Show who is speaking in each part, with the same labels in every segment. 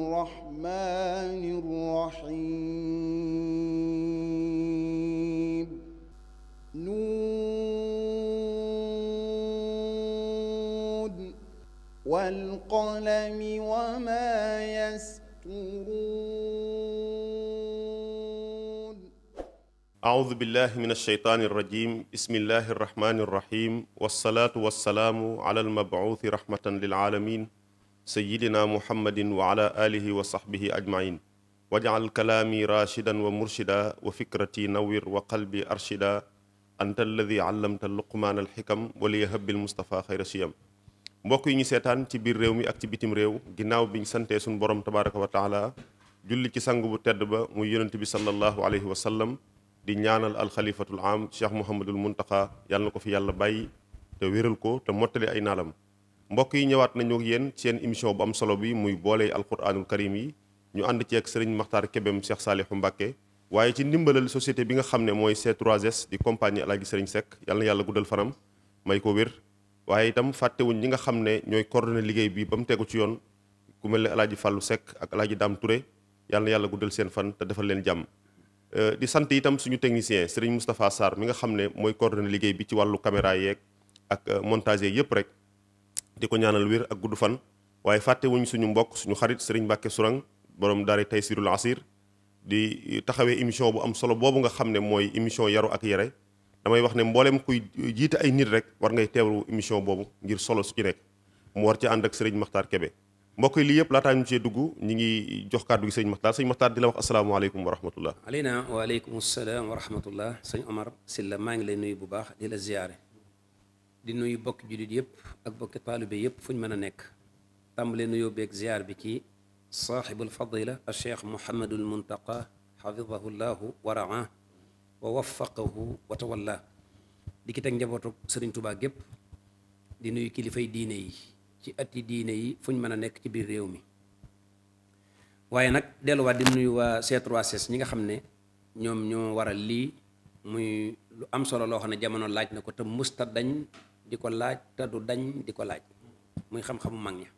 Speaker 1: الرحمن الرحيم نون والقلم وما يسطرون أعوذ بالله من الشيطان الرجيم بسم الله الرحمن الرحيم والصلاة والسلام على المبعوث رحمة للعالمين sayidina muhammadin wa ala alihi wa sahbihi ajmain wajal kalaami rachidan wa murshida wa fikrati nawir wa qalbi arshida anta alladi allamta luqmaan alxikam waliya habil mustapha xayra siyam mbokk yi ñu seetaan ci biir réew mi ak ci bitim réew bi biñ santee suñu borom tabaraka wa taala julli ci sangu bu tedd ba muy yonent bi sallallahu alayhi wa sallam di ñaanal alxalifatul am cheikh muhammadul muntaqa yàlla na ko fi yàlla bàyyi te wéral ko te mottali ay naalam mbokk yi ñëwaat nañu ak yéen seen émission bu am solo bi muy boole alquranul karim yi ñu ànd ceeg sëriñ Maxtaar Kebem Cheikh Saalihu Mbàkke waaye ci ndimbalal société bi nga xam ne mooy C3S di compagnie Alaaji Sëriñ Sekk yàlla na yàlla guddal fanam may ko wér waaye itam fàttewuñ ñi nga xam ne ñooy coordonné liggéey bi ba mu tegu ci yoon ku mel ne Alaaji Fàllu Sekk ak Alaaji Daam Ture yàlla na yàlla guddal seen fan te defal leen jàmm euh, di sant itam suñu technicien sëriñ Moustapha mi nga xam ne mooy coordonné liggéey bi ci wàllu caméra yeeg ak euh, montage yëpp rek di ko ñaanal wér ak gudd fan waaye fàtte wuñ suñu mbokk suñu xarit Serigne Mbacke Sourang borom daara Taysirul Asir di taxawee émission bu am solo boobu nga xam ne mooy émission yaru ak yare damay wax ne mbooleem kuy jiite ay nit rek war ngay teewlu émission boobu ngir solo su ci nekk mu war ci ànd ak Serigne maxtaar Kebe mbokk yi lii yëpp laataa ñu cee dugg ñu ngi jox kàddu gi sëñ Makhtar sëñ Makhtar di la wax asalaamaaleykum wa rahmatullah
Speaker 2: aleyna waaleykum salaam wa rahmatullah sëñ Omar Silla maa ngi lay nuyu bu baax di la ziyaare di nuyu bokki jullit yëpp ak bokki taalibe yëpp fu ñu mën a nekk tàmbale nuyoo beeg ziar bi ci saaxibul fadila al cheikh muhammadul muntaqa xafidahu llahu wa raa wa waffaqahu wa tawalla di ki teg njabootu sëriñ tubaa yépp di nuyu kilifay diine yi ci atti diine yi fu ñu mën a nekk ci biir réew mi waaye nag delluwaat di nuyu waa c 3 ñi nga xam ne ñoom ñoo waral lii muy lu am solo loo xam ne jamono laaj na ko te musta dañ di ko laaj te du dañ di ko laaj muy xam-xamu mag ña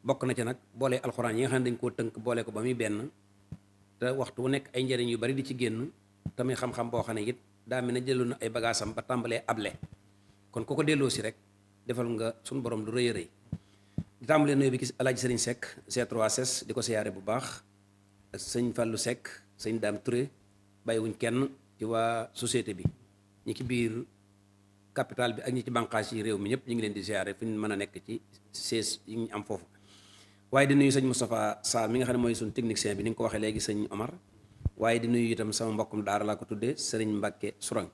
Speaker 2: bokk na ci nag boole alxuraan yi nga xam ne dañ koo tënk boolee ko ba muy benn te waxtu wu nekk ay njëriñ yu bari di ci génn te muy xam-xam boo xam ne it daa mel ne jëloon na ay bagaasam ba tàmbalee able kon ku ko delloo si rek defal nga suñu borom du rëy a rëy di tàmbalee nuyu bi gis alaaji sëriñ Seck C3S di ko siyaare bu baax ak fal lu Seck sëñ Dame Touré bàyyiwuñ kenn ci waa societé bi ñi ci capital bi ak ñi ci bànqaas yi réew mi ñëpp ñu ngi leen di ziare fi ñu mën a nekk ci sées yi ñu am foofu waaye di nuyu sëñ Moustapha Sa mi nga xam ne mooy suñu technicien bi ni nga ko waxee léegi sëñ Omar waaye di nuyu itam sama mbokkum daara laa ko tuddee Serigne Mbacke Sourang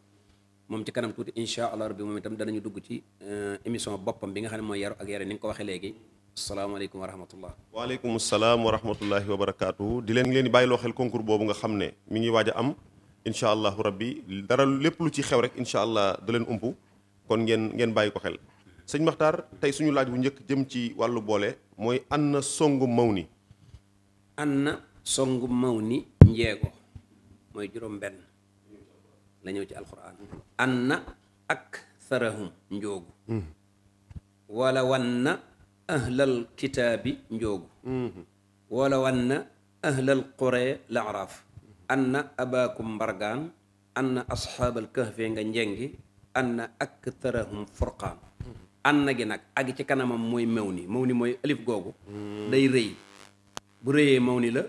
Speaker 2: moom ci kanam tuuti incha allah rabbi moom itam danañu dugg ci euh, émission boppam bi nga xam ne mooy yaru ak yare ni nga ko waxee léegi salaamaaleykum wa rahmatullah
Speaker 1: waaleykum salaam wa rahmatullahi wa barakaatu di leen ngi leen di bàyyiloo xel concours boobu nga xam ne mi ngi waaj a am incha allahu rabbi dara lépp lu ci xew rek incha allah da leen umpu kon ngeen ngeen bàyyi ko xel sëñ Maxtaar tey suñu laaj bu njëkk jëm ci wàllu boole mooy an na songu maw ni an na songu maw ni
Speaker 2: njeego mooy juróom benn la ñëw ci alquran an na ak sarahum njoogu wala wan na ahlal kitaabi njoogu wala wan na ahlal qure la araaf an na abaakum mbargaan an na asxaabal kahfe nga njengi anna aktarahum furqaan anna gi nag ak ci kanamam mooy mew ni mew ni mooy alif googu day rëy bu rëyee mew ni la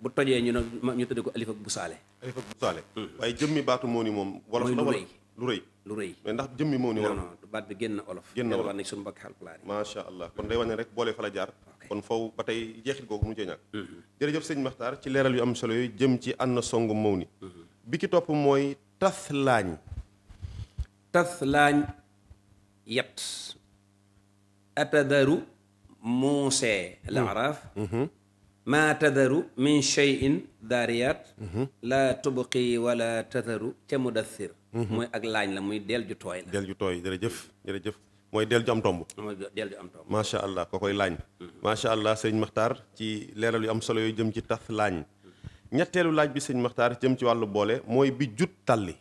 Speaker 2: bu tojee ñu ne ñu tuddee ko alif ak busaale alif ak busaale waaye
Speaker 1: jëmmi baatu mew ni moom wolof la wala lu rëy lu rëy mais ndax jëmmi mew ni wolof non non génn olof génn olof nañ suñu mbokk xalpulaar yi macha allah kon day wane rek boole fa la jaar kon foofu ba tey jeexit googu mu cee ñàkk mhm. jërëjëf sëñ Maxtaar ci leeral yu am solo yooyu jëm ci an na song mew ni mhm. bi ki topp mooy taslaañ taslaa yat
Speaker 2: atadaru muusee al araaf maa mm-hmm. tadaru min cheyin daariyaat mm-hmm. laa tubqi wala tadaru te mudassir mm-hmm. mooy ak laañ la muy del ju tooy
Speaker 1: la del ju tooy jërëjëf jëf mooy del ju am tomb mooy macha allah ko koy laañ macha allah sëñ Maxtaar ci leeral yu am solo yooyu jëm ci tas laañ ñetteelu laaj bi sëñ Maxtaar jëm ci wàllu boole mooy bi jut talli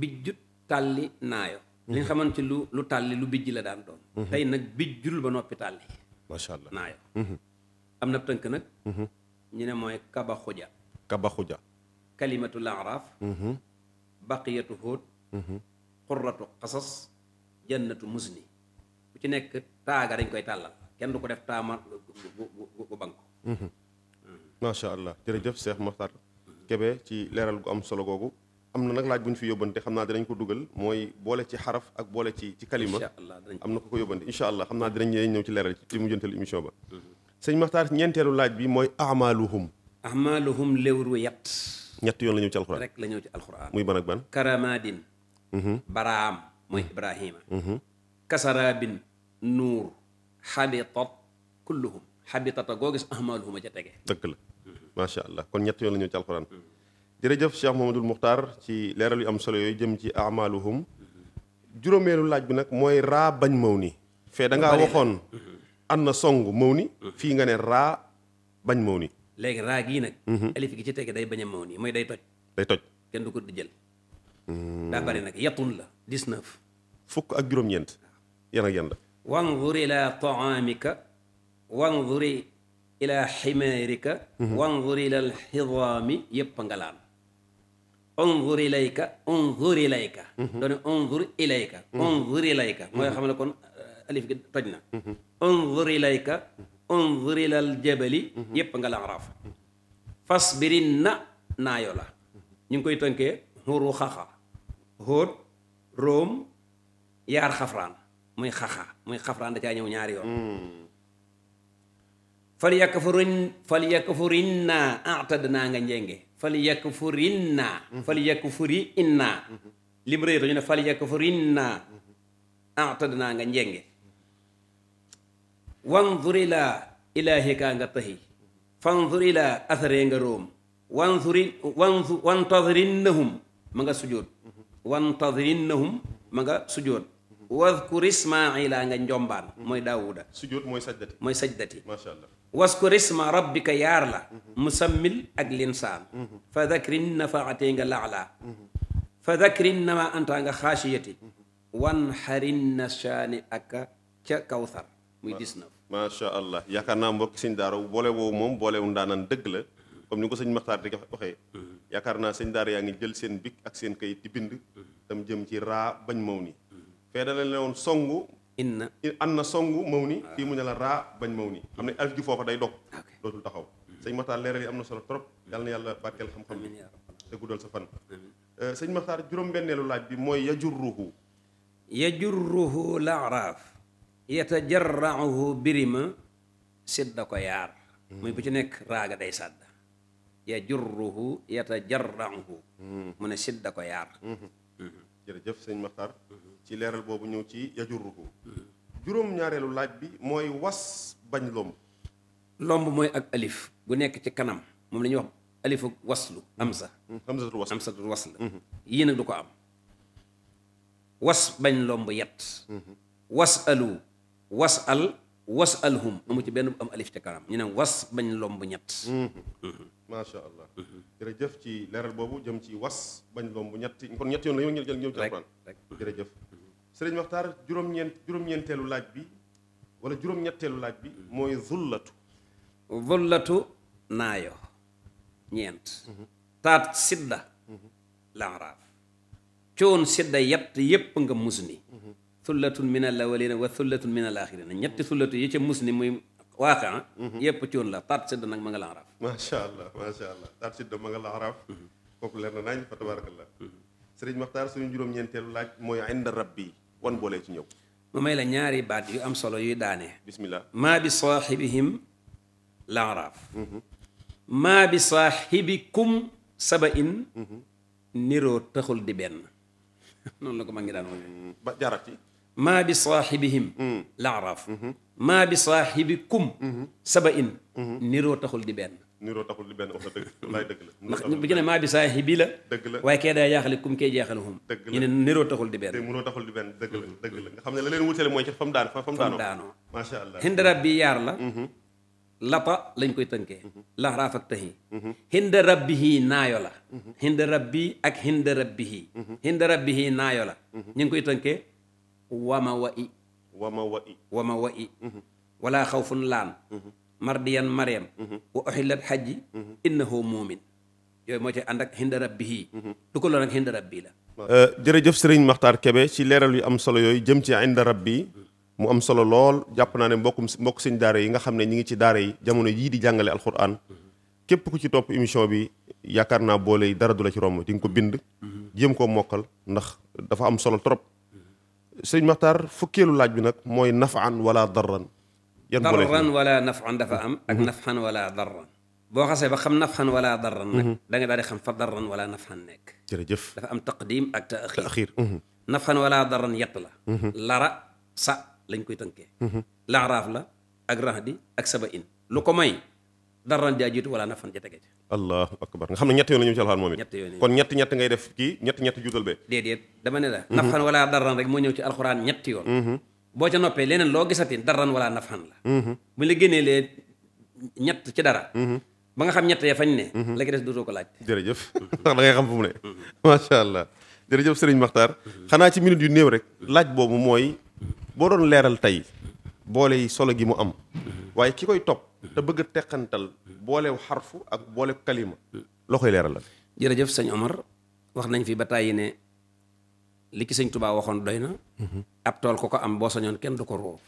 Speaker 1: bi jut tàlli naayo li nga xamante ci lu lu tàlli lu bijj la daan
Speaker 2: doon mhm. tey nag bijjul ba noppi tàlli macha allah naayo mhm. am na tënk nag mhm. ñu ne mooy kaba xuja kaba xuja kalimatul araaf baqiyatu hóot xurratu xasas jannatu musni bu ci nekk taaga dañ koy tàllal kenn du ko def taama gu gu banko
Speaker 1: macha allah jërëjëf Cheikh Makhtar Kébé ci leeral gu am solo googu am na nag laaj bu ñu fi yóbbante xam naa dinañ ko dugal mooy boole ci xaraf ak boole ci ci kalima am na ko ko yóbbante incha allah xam naa dinañ ñëw ci leeral ci mujjanteelu émission ba mhm. sëñ Maxtaar ñeenteelu laaj bi mooy amaluhum amaluhum léwru yat ñett yoon la ñëw ci alxuraan rek la ñëw ci alxuraan muy ban ban
Speaker 2: karamadin mhm. baraam mooy mhm. ibrahima kasarabin nuur xabitat kulluhum xabitata goo gis amaluhum a ca tege
Speaker 1: dëgg la macha allah kon ñett yoon la ñëw ci alxuraan jërëjëf Cheikh Mamadou Muxtaar ci leeral yu am solo yooyu jëm ci amaluhum juróomeelu laaj bi nag mooy raa bañ maw ni fee da ngaa waxoon mhm. an na song maw ni mhm. fii nga ne raa bañ maw ni
Speaker 2: léegi raa gii nag mhm. alif gi ci tege day bañ a maw ni mooy day toj day toj kenn du ko di
Speaker 1: mm. daa bari nag yatun la 19 fukk ak juróom-ñeent yan ak yan la
Speaker 2: wanzur ila taamika wanzuri ila ximaarika wanzur ila alxidaami yëpp ngalaan Mhm. Mhm. unzur ilayka mooy mhm. xam ne kon euh, alif gi toj na unzur ilayka jabali yépp nga la araaf fasbiri na naayo la ñu ngi koy tënkee xuru xaxa xóot róom yaar xafraan muy xaxa muy xafraan da caa ñëw ñaari yoon hmm. fal yakfurin atad naa nga njenge fal yakfurinna fal yakfuri inna lim réy ñu ne fal yakfurinna atadna nga njenge wanzur ila ilahika nga tahi fanzur ila athare nga room wanzuri wanzu wantadhirinnahum ma nga sujood wantadhirinnahum ma nga sujood wadhkur ismaila nga njombaan mooy daawuda sujood mooy sajdati mooy sajdati masha allah waskur isma rabbika yaar la musammil ak linsaan fa dakrin nafaatee nga laala fa dakrin nama antaa nga xaashiyati wan xarin na shaani aka ca kawsar muy dix-neuf
Speaker 1: macha allah yaakaar naa mbokk sëñ daara boole woowu moom boole wu ndaanaan dëgg la comme ni ko sëñ maxtaar di waxee yaakaar naa sëñ daara yaa ngi jël seen bic ak seen kayit di bind tam jëm ci raa bañ maw nii fee da leen woon songu inna an na songu maw ni fii mu ne la raa bañ maw ni xam ne alif gi foofa day dog dootul taxaw sëñ Maxtaar leeral yi am na solo trop yàlla na yàlla barkeel xam-xam bi te guddal sa fan euh, sëñ Maxtaar juróom-benneelu laaj bi mooy yajurruhu yajurruhu laaraaf
Speaker 2: yatajarrauhu birima sidda ko yaar muy bu ci nekk raaga day sàdd yajurruhu yatajarrauhu hmm. mu ne sidda ko
Speaker 1: yaar hmm. Hmm. jërëjëf sëñ Maxtaar ci leeral boobu ñëw ci yajurruhu juróom-ñaareelu laaj bi mooy was bañ lomb. lomb mooy ak alif
Speaker 2: bu nekk ci kanam moom la ñuy wax alifu waslu amsa. Mm-hmm. amsatul waslu amsatul waslu. Mm-hmm. yii nag du ko am. was bañ lomb yet. Mm-hmm. was alu was al was alhum amu ci benn bu am alif ci kanam ñu ne was bañ lomb
Speaker 1: ñett. macha allah. jërëjëf ci leeral boobu jëm ci was bañ lomb ñett kon ñett yoon la ñu ngi jël ñëw ci alquran. jërëjëf. sëriñ Maxtaar juróom-ñeent juróom-ñeenteelu laaj bi wala juróom-ñetteelu laaj bi mooy zullatu zullatu naayo ñeent mhm. taat sidda lanraaf
Speaker 2: coon sidda yett yépp nga mus ni sullatun mhm. min al awalina wa sullatun min al axirina ñetti sullatu yi ca mus ni muy waaqa mhm. yépp coon la taat sidda nag ma nga
Speaker 1: lanraaf macha allah macha allah taat sidda ma nga lanraaf kooku leer na naañ fa tabarakallah sëriñ Maxtaar suñu juróom-ñeenteelu laaj mooy inda rabbi wan boole ci ñëw. mu may la ñaari
Speaker 2: baat yu am solo yuy daane. bismillah maa bi saaxibihim laaraaf. Mhm. maa bi saaxibikum sabain. Mhm. niroo taxul di benn. noonu la ko ma ngi daan woowee. Mm, ba jaarat yi. bi saaxibihim mm. laaraaf. Mhm. maa bi saaxibikum sabain. niroo taxul di
Speaker 1: benn. niroo taxul li benn wax dëgg
Speaker 2: la. ndax bi nga ne maa bi saaxi la. dëgg la waaye kee day jaaxle kum kee jeexal moom. dëgg la ñu ne niroo taxul di benn. dëgg mënoo taxul la dëgg nga
Speaker 1: xam ne la leen wutale mooy ci fam daan fam daanoo. macha allah
Speaker 2: bi yaar la. Mm-hmm. lapa lañ koy tënkee. Mm-hmm. ak tahi. Mm-hmm. hindarab bihi naayo la. hindarab bi ak hindarab bihi. hindarab naayo la. ñu ngi koy tënkee. wama wa i. wama wa i. wama wa i. wala xawfun laan. mardiyan mariam mm-hmm. wa uhillat hajji mm-hmm. innahu muumin yooyu moo ci ànd ak hinda rabbihi mm-hmm. du ko lool ak hinda rabbi la
Speaker 1: euh, jërëjëf sëriñ maxtar Kebe ci leeral yu am solo yooyu jëm ci inda rabbi mu am solo lool jàpp naa ne mbokkum mbokk seen daara yi nga xam ne ñi ngi ci daara yi jamono yii di jàngale alxuraan képp ku ci topp émission bi yaakaar naa boole yi dara du la ci romb di nga ko bind jëm koo mokkal ndax dafa am solo trop sëriñ Maxtaar fukkeelu laaj bi nag mooy nafaan wala darran yan darran wala nafan dafa am ak mhm.
Speaker 2: nafxan wala darran boo xasee ba xam nafxan wala darran nag mhm. da nga daal xam fa darran wala nafxan nekk
Speaker 1: jërëjëf dafa am
Speaker 2: taqdim ak taaxir mhm. nafxan wala darran yett la lara sa lañ koy tënkee laaraaf la ak rahdi ak saba in lu ko may darran jaa jiitu wala nafan ja tege ca
Speaker 1: akbar nga xam ne ñett yoon la ñu ci alxuraan moom it kon ñett ñett ngay def kii ñett
Speaker 2: ñett juutal bee déedéet dama ne wala darran rek moo ñëw ci alxuraan ñetti yoon boo ca noppee leneen loo gisati daran wala nafan la mhm. bu ñu la génnee lee ñett ci dara mhm.
Speaker 1: ba nga xam ñett ya fañ ne mhm. la ki des dootoo ko laaj jërëjëf ndax da xam fu mu ne macha allah jërëjëf sëriñ Maxtaar xanaa ci minute yu néew rek laaj boobu mooy boo doon leeral tey boole yi solo gi mu am waaye ki koy topp te bëgg a teqantal boolew xarfu ak boole kalima loo koy leeral la jërëjëf sañ Omar wax nañ fi ba
Speaker 2: tàyyi ne li ki sëñ waxoon doy na. ab tool ko ko am boo sañoon kenn du ko roof.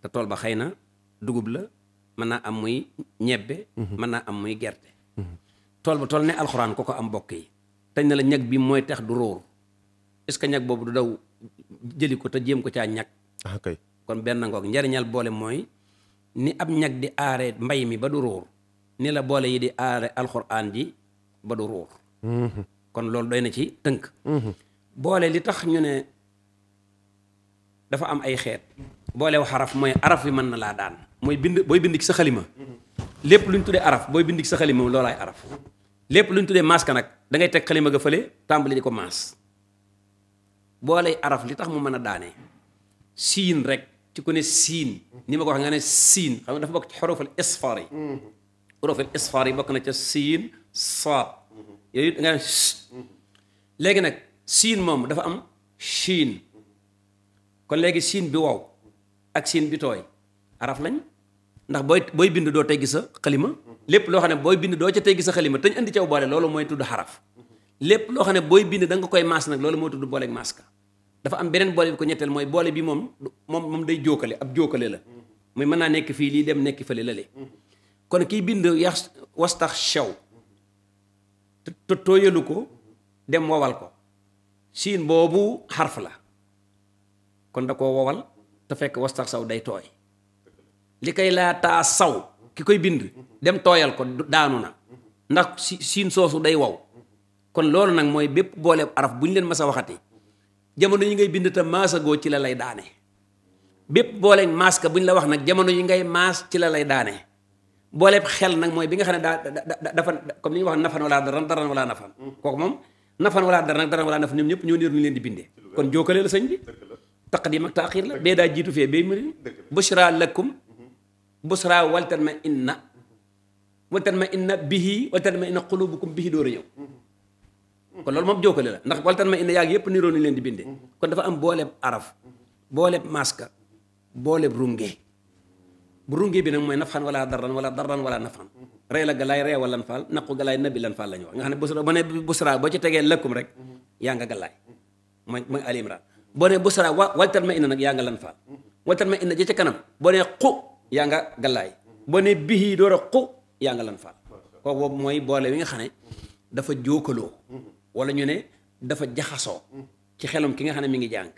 Speaker 2: te tool ba xëy na dugub la mën naa am muy ñebbe. mën naa am muy gerte. tool ba tool ne alxuraan ko ko am bokk yi. tañ na la ñag bi mooy tax du róor est-ce que ñag boobu du daw jëli ko te jéem ko caa ñag. ok ah, kon benn ngoog njariñal boole mooy ni ab ñag di aare mbay mi ba du róor ni la boole yi di aare alxuraan ji ba du róor. Mm-hmm. kon loolu doy na ci tënk. boole li tax ñu ne dafa am ay xeet boolew xaraf mooy araf yi mën na laa daan mooy bind booy bind ci sa xalima lépp lu ñu tuddee araf booy bindi ci sa xalima loolaay araf lépp lu ñu tuddee maas ka nag da ngay teg xalima ga fële tàmbali di ko maas booley araf li tax mu mën a daanee siin rek ci ko ne siin ni ma ko wax nga ne siin xam nga dafa bokk ci xurufal isfaar yi yi bokk na ca siin saad yooyu nga ne léegi nag siin moom dafa am siin kon léegi siin bi wow ak siin bi tooy araf lañ ndax booy booy bind doo teggi sa xalima lépp loo xam ne booy bind doo ca teggi sa xalima te indi andi caw boole loolu mooy tudd xaraf lépp loo xam ne booy bind da nga koy maas nag loolu mooy tudd booleeg maas ka dafa am beneen boole bi ko ñetteel mooy boole bi moom moom moom day jóokale ab jóokale la muy mën naa nekk fii lii dem nekk fële lale kon kiy bind yax wastax sew te tooyalu ko dem wowal ko siin boobu xarf la kon da ko wowal te fekk wastax saw day tooy li kay laa taa saw ki koy bind dem tooyal ko daanu na ndax si siin soosu day wow kon loolu nag mooy bépp booleeb araf bu ñu leen mas a waxati jamono yi ngay bind te maasagoo ci la lay daane bépp booleeg maas ka bu ñu la wax nag jamono yi ngay maas ci la lay daane booleeb xel nag mooy bi nga xam ne daa dafa comme li ñuy wax nafan wala daran daran wala nafan kooku moom nafan wala dara nag dara wala naf ñoom ñëpp ñoo niir ñu leen di bindee kon jookale la sëñ bi taqdim ak taaxir la bee daa jiitu fee bay mëri bushra lakum mhm. bushra ma inna mhm. waltatma inna bihi waltatma inna qulubukum bihi door a ñëw mhm. kon loolu moom jookale la ndax waltatma inna yaag yëpp niroo ñu leen di bindee kon dafa am booleb araf booleb maska booleb runge bu rungee bi nag mooy nafxan wala darran wala darran wala nafxan rey la galaay reewal lan faal naqu galaay nabi lan faal la ñu wax nga xam ne busra boo ne busra boo ci tegee lëkkum rek yaa nga galaay mooy mooy Ali Imran boo ne busra wa waltal ma inna nag yaa nga lan faal waltal ma inna kanam boo ne xu galaay boo ne bihi door a xu mooy boole wi nga xam ne dafa jóokaloo ñu ne dafa jaxasoo ci xelum ki nga xam ne mi ngi jàng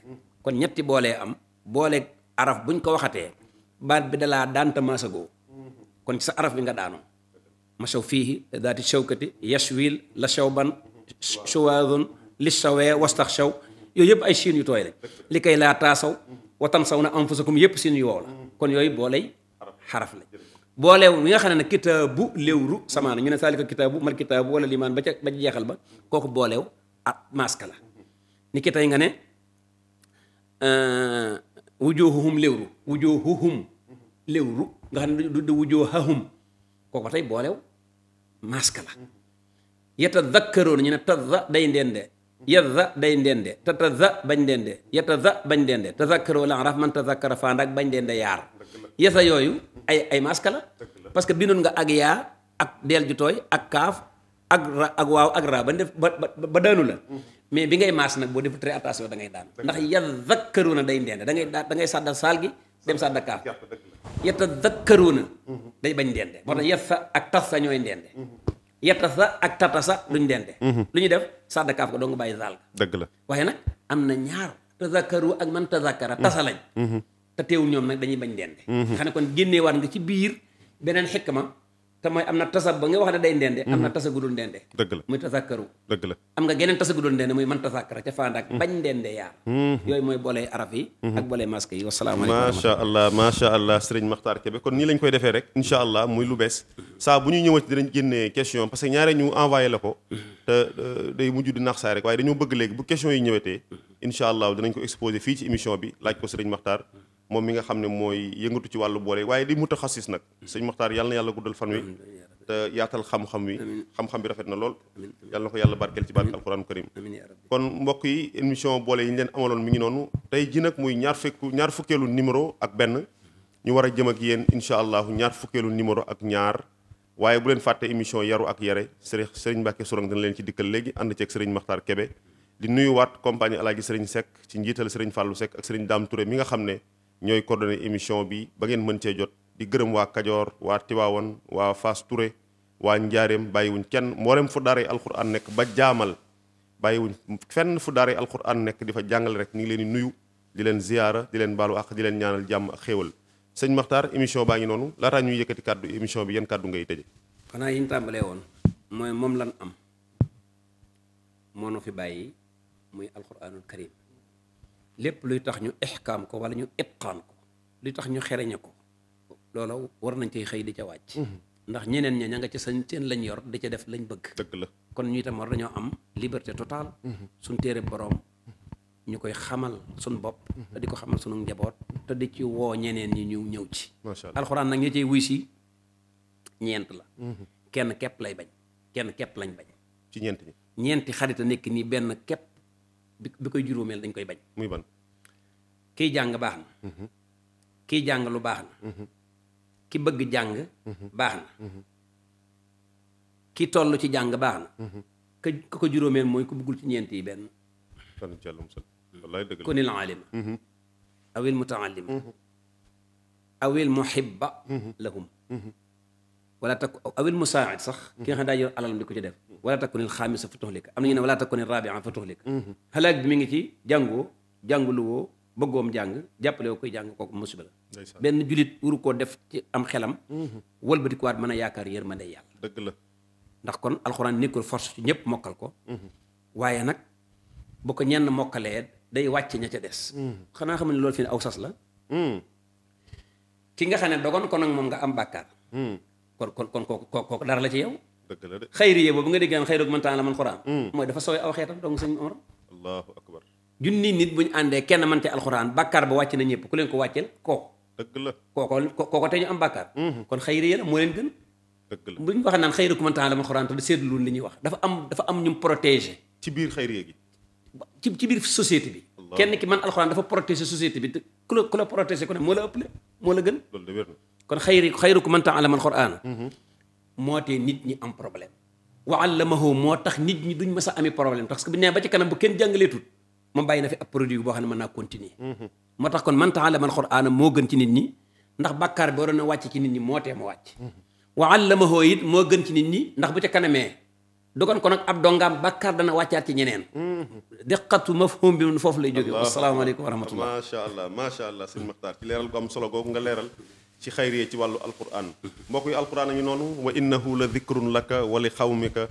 Speaker 2: kon ñetti boolee am boole araf buñ ko waxatee baat bi dalaa daanta maasagoo kon ci sa araf bi nga daanoo ma saw fii daati shawkati yashwil la shawban shuwaadun li shawee wastax shaw yooyu yëpp ay siin yu tooy lañ li kay laa taasaw watan saw na anfusakum yëpp siin yu wow la kon yooyu boolay xaraf lañ booleew mi nga xam ne nag kitaabu léewru samaana ñu ne saalika kitaabu mal kitaabu wala limaan ba ca ba jeexal ba kooku booleew ak ah, maska la ni ki nga ne euh, wujuhuhum léwru wujuhuhum léwru nga xam ne du wujuhahum ko tey boolew masque la yeta zakkaroon ñu ne tazza day ndende yazza day ndende te tazza bañ ndende yetazza bañ ndende tazakkaroo la araf man tazakkara fand ak bañ ndende yaar yeta yooyu ay ay masque la parce que bindoon nga ak yaa ak deel ju tooy ak kaaf ak waaw ak ra ba daanu la mais bi ngay mars nag boo def très attention da ngay daan ndax yatadakkaruuna day ndeende da ngay da ngay saal gi dem sàddal kaaf yatadakkaruuna mhm. day bañ ndeende moo tax yat sa ak tas sa ñooy ndeende mhm. sa ak tata sa duñ mhm. lu ñu def sàdda kaaf ko doo nga bàyyi zaal ga dëgg la waaye nag am na ñaar tazakaru ak man tazakara tasa lañ te teewul ñoom nag dañuy bañ dende xam ne kon génneewaat nga ci biir beneen xikma te mooy am na tasa ba nga wax ne dey ndende am na mm. tasa gudul ndende dëgg la muy tasakkaru dëgg la am nga geneen tasa gudul ndende muy man tasakkara ca faandaak mm. bañ ndende yaar mm-hmm. yooyu mooy boolee araf yi mm-hmm. ak boolee masque yi
Speaker 1: wasalaamaaleykum macha allah macha allah sëriñ Makhtar Kébé kon nii lañ koy defee rek incha allah muy lu bees saa bu ñuy ñëwati dinañ génnee question parce que ñaare ñu envoyé la ko te day mujj di naax saa rek waaye dañoo bëgg léegi bu question yi ñëwetee incha allah dinañ ko exposé fii ci émission bi laaj ko sëriñ Makhtar moom mi nga xam ne mooy yëngatu ci wàllu boole waaye di mutaxassis nag mm. sëñ Maxtaar yàlla na yàlla guddal fan wi te yaatal xam-xam wi xam-xam bi rafet na lool yàlla na ko yàlla barkeel ci barke alquran karim kon mbokk yi émission boole yi ñu leen amaloon mi ngi noonu tey ji nag muy ñaar fukk ñaar fukkeelu numéro ak benn ñu war a jëm ak yéen incha allahu ñaar fukkeelu numéro ak ñaar waaye bu leen fàtte émission yaru ak yare sëriñ sëriñ Mbàkke Sorong dina leen ci dikkal léegi ànd ceeg sëriñ Maxtaar Kebe di nuyuwaat compagnie alaaji sëriñ Seck ci njiital sëriñ Fàllu Seck ak Daam Touré mi nga xam ne ñooy coordonné émission bi ba ngeen mën cee jot di gërëm waa Kajoor waa Tiwaawan waa Fass Touré waa Njaareem bàyyiwuñ kenn mboolem fu daaray alxuraan nekk ba jaamal bàyyiwuñ fenn fu daaray alxuraan nekk di fa jàngale rek ñu ngi leen di nuyu di leen ziyaara di leen baalu àq di leen ñaanal jàmm ak xéewal sëñ Maxtaar émission baa ngi noonu laataa ñuy yëkkati kàddu émission bi yan kàddu ngay tëje
Speaker 2: xanaa yi ñu tàmbalee woon mooy moom lan am moo nu fi bàyyi muy alxuraanul karim lépp luy tax ñu ixkaam ko wala ñu itqaan ko luy tax ñu xereñe ko loola war nañ cay xëy di ca wàcc mhm. ndax ñeneen ña ña nga ca sañ seen lañ yor di ca def lañ bëgg la kon ñu itam war nañoo am liberté totale mhm. suñ téere boroom ñu koy xamal suñ bopp mhm. te di ko xamal suñu njaboot te di ci woo ñeneen ñi ñu ñëw ci alxuraan nag ña cay wuy si ñeent la kenn kepp lay bañ kenn kepp lañ bañ ci ñeent ñi ñeenti xarit a nekk nii benn kepp bi koy juróomeel dañ koy bañ. muy ban kiy jàng baax na. Mhm. kiy jàng lu baax na. Mhm. ki bëgg jàng. Mhm. baax na. ki toll ci jàng baax na. ka ko juróomeel mooy ku bëggul ci ñeent
Speaker 1: yi benn. ku nil aalima.
Speaker 2: awil mutaalima. awil muhibba lahum wala takku awil musaacid sax ki nga xam daa yor alalam di ko ci def wala takkunil xaamisa fa tuxlika am na ñu ne wala takkunil rabia fa tuxlika xalaat mhm. bi mi ngi ci jàngoo jànguluwoo bëggoom jàng jàppale woo koy jàng kooku musiba la benn julit wuru koo def ci am xelam mhm. walbatikuwaat mën a yaakaar yërmande yàlla dëgg la ndax kon alxuraan nekkul force ci ñëpp mokkal ko mhm. waaye nag bu ko ñenn mokkalee day wàcc ña ca des xanaa xam ne loolu fi ne aw sas la ki nga xam ne dogoon ko nag moom nga am bàkkaar kon kon kon kooku kooku dara la ci yow. dëgg la de xayri boobu nga déggaan xayru man taan la man xuraan. Mm. mooy dafa sooy aw xeetam dong sëñ Omar.
Speaker 1: allahu
Speaker 2: junni nit bu ñu àndee kenn man te alxuraan bàkkaar ba wàcc na ñëpp ku leen ko wàcceel kooku. dëgg la kooko kooko te ñu am bàkkaar. Mm-hmm. kon xayri la moo leen gën. dëgg bu ñu waxee naan xayru man taan la man xuraan te du seetlu li ñuy wax dafa am dafa am ñu protéger. ci biir xayri gi. ci biir société bi. kenn ki man alxuraan dafa protéger société bi te ku la ku la protéger la gën. loolu de wér kon xayri ko man ta'allama al-Qur'aan mhm. moo tee nit ñi am problème wa allamahu moo tax nit ñi duñ mës a amee problème parce que ba ci bu kenn jàngaleetul moom bàyyi boo xam ne mën naa continuer mhm. moo tax kon man ta'allama al-Qur'aan moo gën ci nit ñi ndax bàkkaar bi waroon na ci nit ñi moo tee mu wàcc mhm. wa allamahu it moo gën ci nit ñi ndax bu ca kanamee dogon ko nag ab dongaam bàkkaar dana wàccaat ci ñeneen diqatu mafhum bi foofu lay jóge wasalaamaaleykum wa rahmatullah
Speaker 1: macha allah macha allah sëñ Maxtaar ci leeral gu am solo googu nga leeral ci xayriyee ci wàllu alquran mbokk yi alquran a ngi noonu wa innahu la dikrun laka wa li xawmika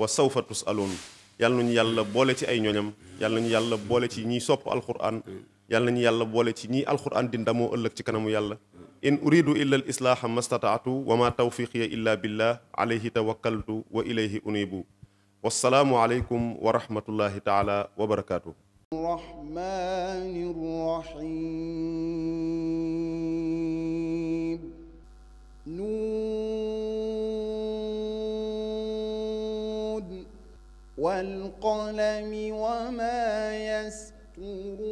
Speaker 1: wa sawfa tusaloon yàlla nañu yàlla boole ci ay ñoñam yàlla nañu yàlla boole ci ñiy sopp alquran yàlla nañu yàlla boole ci ñiy alquran di ndamoo ëllëg ci kanamu yàlla in uridu illa al islaaha mastataatu wa ma tawfiqiya illa billah alayhi tawakkaltu wa ilayhi unibu wassalaamu aleykum wa rahmatullahi taala wa barakaatuh nuun wal qalami wa maa yasturuun